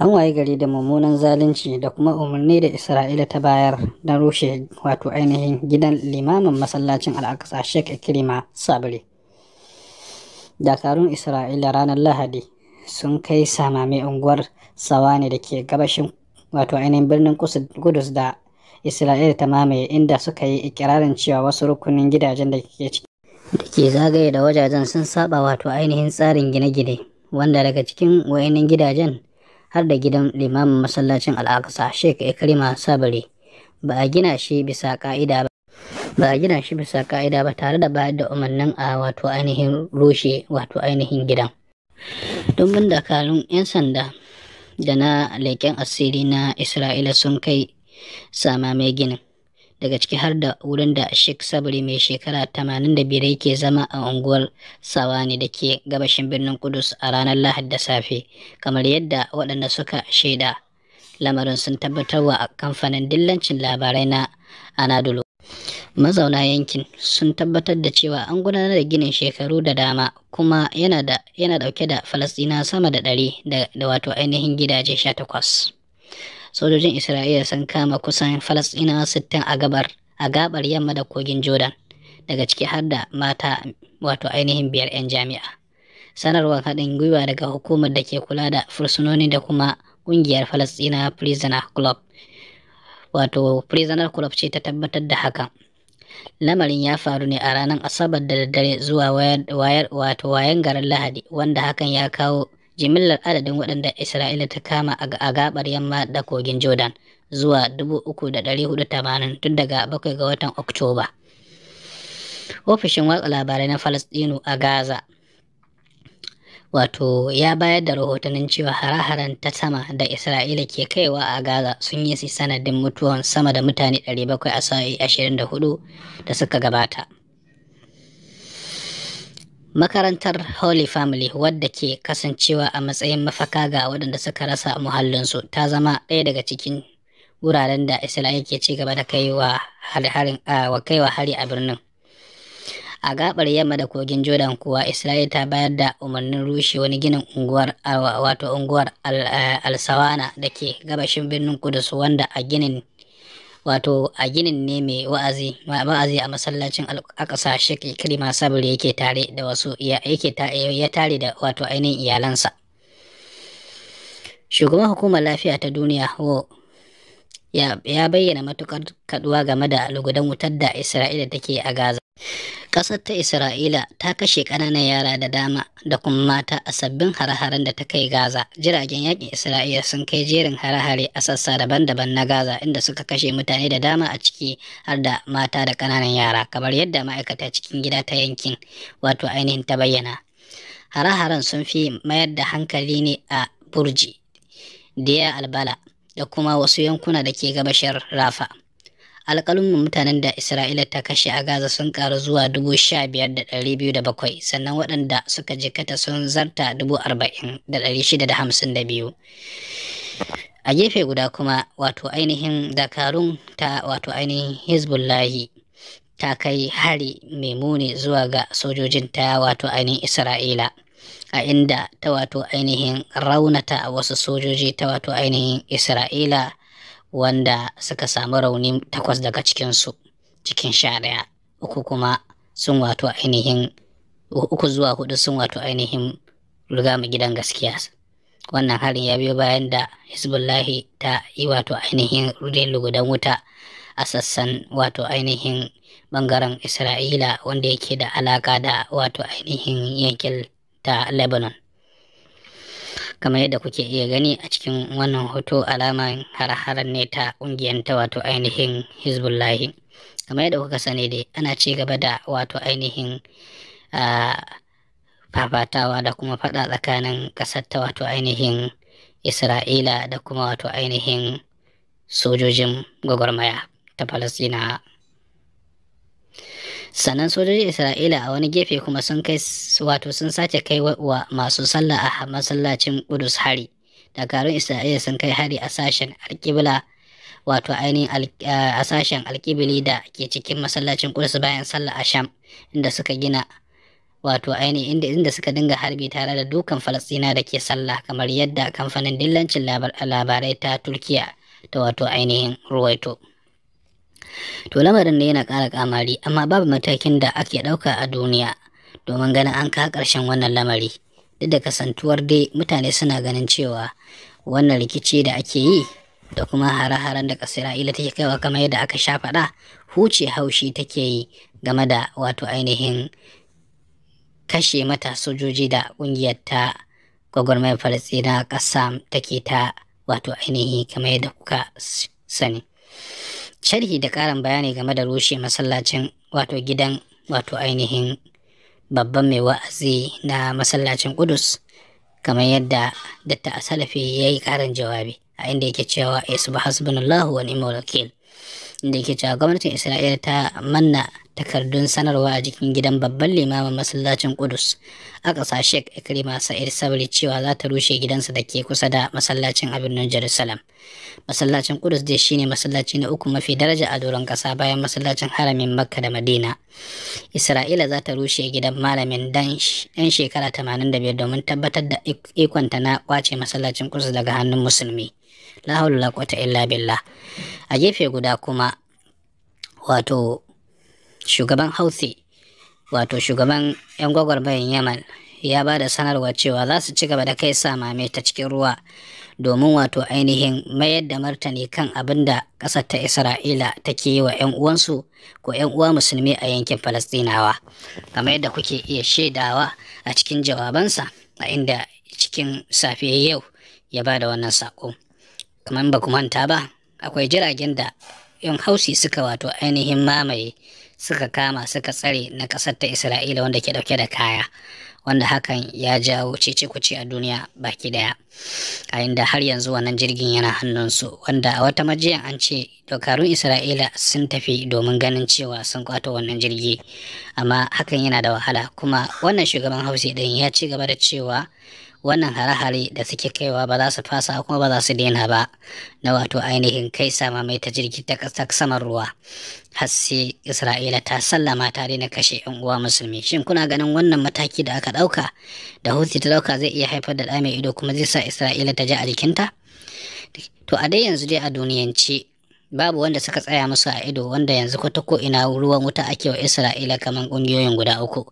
an waye gari da mummunan zalunci da kuma umarni da isra'ila ta bayar don rushe wato ainihin gidan limamin masallacin al'aqsa sheikh ikrima sabri dakarun isra'ila ranar lahadi sun kai samame unguwar sawani da ke gabashin wato ainihin birnin gudus da isra'ila ta mamaye inda suka yi ikirarin cewa wasu rukunin gidajen da ke da ke zagaye da wajajen sun saba wato ainihin tsarin gine-gine wanda daga cikin wayannan gidajen har da gidan limamin masallacin al'aqsa sheikh ikrima sabari ba a gina shi bisa ka'ida ba ba a gina shi bisa ka'ida ba tare da bayar da umarnin a wato ainihin rushe wato ainihin gidan domin dakarun 'yan sanda da na leƙen asiri na isra'ila sun kai sama mai ginin daga ciki har da wurin da Sheikh Sabri mai shekara 85 yake zama a unguwar Sawani da ke gabashin birnin Kudus a ranar Lahad da safe, kamar yadda waɗanda suka shaida. Lamarin sun tabbatarwa a kamfanin dillancin labarai na Anadolu. Mazauna yankin sun tabbatar da cewa an gudanar da ginin shekaru da dama kuma yana da dauke da Falasɗina sama da ɗari da wato ainihin gidaje sha 18. sojojin isra'ila sun kama kusan Falasɗina sittin a gabar a gabar yamma da kogin jordan daga ciki har da mata wato ainihin biyar 'yan jami'a sanarwar haɗin gwiwa daga hukumar da ke kula da fursunoni da kuma ƙungiyar Falasɗina prisoner club wato prisoner club ce ta tabbatar da hakan lamarin ya faru ne a ranar asabar da daddare zuwa wayar wato wayan garin lahadi wanda hakan ya kawo jimillar adadin waɗanda Isra'ila ta kama a gabar yamma da kogin Jordan zuwa 3,480 tun daga 7 ga watan Oktoba. Ofishin watsa labarai na falasɗinu a Gaza wato ya bayar da rahotannin cewa hare-haren ta sama da Isra'ila ke kaiwa a Gaza sun yi sanadin mutuwan sama da mutane 724 da suka gabata. Makarantar Holy Family wadda ke kasancewa a matsayin mafaka ga waɗanda suka rasa muhallinsu ta zama ɗaya daga cikin wuraren da Isra'ila ke ci gaba da kaiwa hari a birnin. A gabar yamma da kogin Jordan kuwa Isra'ila ta bayar da umarnin rushe wani ginin unguwar wato unguwar Al-Sawana eh, da ke gabashin birnin Kudus wanda a ginin wato a ginin ne mai wa'azi wa'azi a masallacin al'aƙasa shekki kirima sabir yake tare da wasu yake ya tare da wato ainihin iyalansa shugaban hukumar lafiya ta duniya Wo. ya bayyana matukar kaduwa game da lugudan wutar da Isra'ila take a Gaza. Ƙasar ta Isra'ila ta kashe ƙananan yara da dama da kuma mata a sabbin hare-haren da ta kai Gaza. Jiragen yakin Isra'ila sun kai jerin hare-hare a sassa daban-daban na Gaza inda suka kashe mutane da dama a ciki har da mata da ƙananan yara kamar yadda ma'aikata cikin gida ta yankin wato ainihin ta bayyana. Hare-haren sun fi mayar da hankali ne a Burji, Diya Albala. da kuma wasu yankuna da ke gabashin Rafa. Alƙalumin mutanen da Isra'ila ta kashe a Gaza sun ƙaru zuwa bakwai sannan waɗanda suka jikata sun zarta 40,652. A gefe guda kuma wato ainihin dakarun ta wato ainihin Hezbollahi ta kai hari mai muni zuwa ga sojojin ta wato ainihin Isra'ila. a inda ta wato ainihin raunata wasu sojoji ta wato ainihin isra'ila wanda suka samu rauni takwas daga cikinsu cikin sha ɗaya uku kuma sun wato ainihin uku zuwa hudu sun wato ainihin riga mu gidan gaskiya wannan harin ya biyo bayan da hezbollahi ta yi wato ainihin rudin lugudan wuta a sassan wato ainihin bangaren isra'ila wanda yake da alaka da wato ainihin yankin ta lebanon kamar yadda kuke iya gani a cikin wannan hoto alamar har-haren ne ta ƙungiyar ta wato ainihin hezbollah kamar yadda kuka sani dai ana ci gaba da wato ainihin fafatawa da kuma fada tsakanin ƙasar ta wato ainihin isra'ila da kuma wato ainihin sojojin gwagwarmaya ta falasɗinawa sannan sojojin isra'ila a wani gefe kuma sun kai wato sun sace kai wa masu sallah a masallacin kudus hari dakarun isra'ila sun kai hari a sashen alkibla wato ainihin a sashen alkibili da ke cikin masallacin kudus bayan sallah a sham inda suka gina wato ainihin inda suka dinga harbi tare da dukan falastina da ke sallah kamar yadda kamfanin dillancin labarai ta turkiya ta wato ainihin ruwaito to lamarin ne yana ƙara kamari amma babu matakin da ake ɗauka a duniya domin ganin an ka ƙarshen wannan lamari duk da kasantuwar dai mutane suna ganin cewa wannan rikici da ake yi da kuma hare-haren da isra'ila take kaiwa kamar yadda aka sha faɗa huce haushi take yi game da wato ainihin kashe mata sojoji da ƙungiyar ta gwagwarmayar falastina ƙasa take ta wato ainihi kamar yadda kuka sani sharhi da ƙarin bayani game da rushe masallacin wato gidan wato ainihin babban mai wa'azi na masallacin kudus kamar yadda datta asalafi ya yi ƙarin jawabi a inda yake cewa ya subhasbunallahu wa ni'mal wakil da ke cewa gwamnatin Isra'ila ta manna takardun sanarwa a jikin gidan babban limamin masallacin Kudus a ƙasa Sheikh Ikrima Sa'id Sabri cewa za ta rushe gidansa da ke kusa da masallacin a birnin Jerusalem. Masallacin Kudus dai shine masallaci na uku mafi daraja a doron ƙasa bayan masallacin haramin Makka da Madina. Isra'ila za ta rushe gidan malamin dan shekara 85 domin tabbatar da ikonta na kwace masallacin Kudus daga hannun musulmi. la haula la illa billah a gefe guda kuma wato shugaban hausi wato shugaban yan gwagwarmayin yaman ya ba da sanarwa cewa za su ci gaba da kai samame ta cikin ruwa domin wato ainihin mayar da martani kan abin da ƙasar ta isra'ila take yi wa 'yan uwansu ko 'yan uwa musulmi a yankin falastinawa kamar yadda kuke iya shaidawa a cikin jawabansa a inda cikin safiya yau ya ba da wannan saƙo. kamar ba ku manta ba akwai jiragen da yan hausi suka wato ainihin mamaye suka kama suka tsare na ƙasar ta isra'ila wanda ke ɗauke da kaya wanda hakan ya jawo cece kuce a duniya baki daya a inda har yanzu wannan jirgin yana hannunsu wanda a wata majiyan an ce dokarun isra'ila sun tafi domin ganin cewa sun kwato wannan jirgi amma hakan yana da wahala kuma wannan shugaban hausi ɗin ya ci gaba da cewa wannan hare-hare da suke kaiwa ba za su fasa kuma ba za su daina ba na wato ainihin kai sama mai ta jirgi ta saman ruwa har sai isra'ila ta sallama ta daina kashe yan uwa musulmi shin kuna ganin wannan mataki da aka ɗauka da hutu ta ɗauka zai iya haifar da ɗa mai ido kuma zai sa isra'ila ta ji a jikinta to a dai yanzu dai a duniyance babu wanda suka tsaya musu a ido wanda yanzu kwata ko ina ruwan wuta ake wa isra'ila kamar kungiyoyin guda uku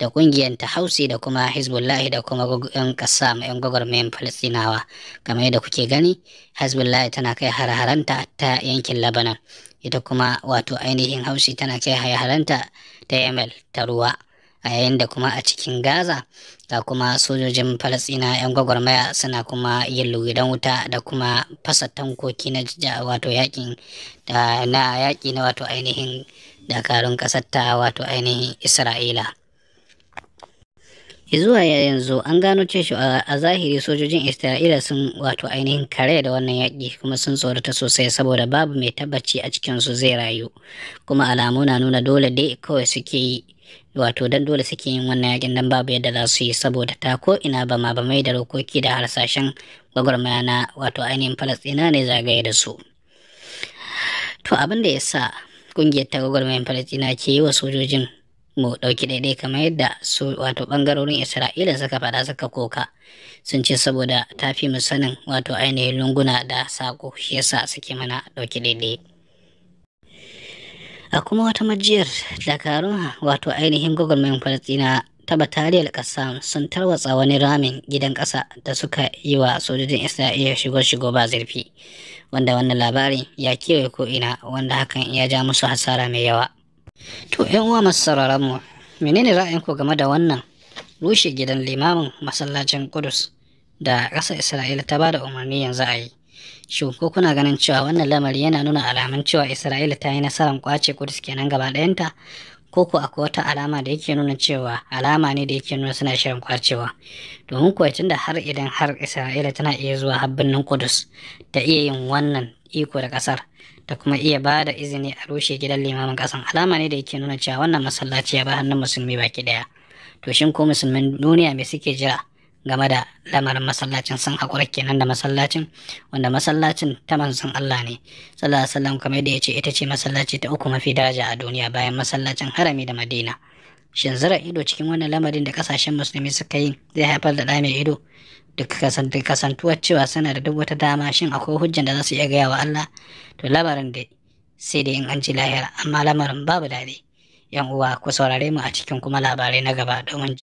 da kungiyar ta hausi da kuma hezbollah da kuma yan kasa yan gwagwarmayan falastinawa kamar yadda kuke gani hezbollah tana kai har-haranta ta yankin labanan ita kuma wato ainihin hausi tana kai har-haranta ta yamal ta ruwa a yayin da kuma a cikin gaza ga kuma sojojin falasina 'yan gwagwarmaya suna kuma yin lugidan wuta da kuma fasa tankoki na wato yakin na yaki na wato ainihin dakarun ƙasar ta wato ainihin isra'ila zuwa yanzu an gano cewa a zahiri sojojin isra'ila sun wato ainihin kare da wannan yaƙi kuma sun tsorata sosai saboda babu mai tabbaci a cikinsu zai rayu kuma alamu na nuna dole dai kawai suke yi wato dan dole suke yin wannan yakin dan babu yadda za su yi saboda ta ko ina ba ma ba mai da rokoki da harsashen gwagwarmaya na wato ainihin falastina ne zagaye da su to abin da ya sa kungiyar ta gwagwarmayar falastina ke yi wa sojojin mu ɗauki daidai kamar yadda su wato bangarorin isra'ila suka faɗa suka koka sun ce saboda ta fi mu sanin wato ainihin lunguna da sako shi yasa suke mana ɗauki daidai a kuma wata majiyar dakarun wato ainihin mai falastina ta bataliyar ƙasa sun tarwatsa wani ramin gidan ƙasa da suka yi wa sojojin isra'ila shigo-shigo ba zurfi wanda wannan labarin ya kewaye ina wanda hakan ya ja musu hasara mai yawa to yan uwa masu sauraron mu menene ra'ayinku game da wannan rushe gidan limamin masallacin kudus da ƙasar isra'ila ta ba da umarni yanzu a yi shin ko kuna ganin cewa wannan lamari yana nuna alamun cewa isra'ila ta yi nasarar kwace kudus kenan gaba ɗayanta ko ko akwai wata alama da yake nuna cewa alama ne da yake nuna suna shirin kwacewa domin kuwa da har idan har isra'ila tana iya zuwa habbinin kudus ta iya yin wannan iko da kasar da kuma iya ba da izini a rushe gidan limamin kasan alama ne da yake nuna cewa wannan masallaci ya ba hannun musulmi baki daya to shin ko musulmin duniya me suke jira game da lamarin masallacin sun haƙura kenan da masallacin wanda masallacin ta manzon Allah ne sallallahu alaihi wasallam kamar yadda yace ita ce masallaci ta uku mafi daraja a duniya bayan masallacin harami da Madina shin zira ido cikin wannan lamarin da kasashen musulmi suka yi zai haifar da ɗa mai ido kasan tuwa cewa suna da duk wata dama shin akwai hujjan da za su iya gaya wa Allah to lamarin da sai dai in an ji lahira amma lamarin babu daɗi yan uwa ku saurare mu a cikin kuma labarai na gaba domin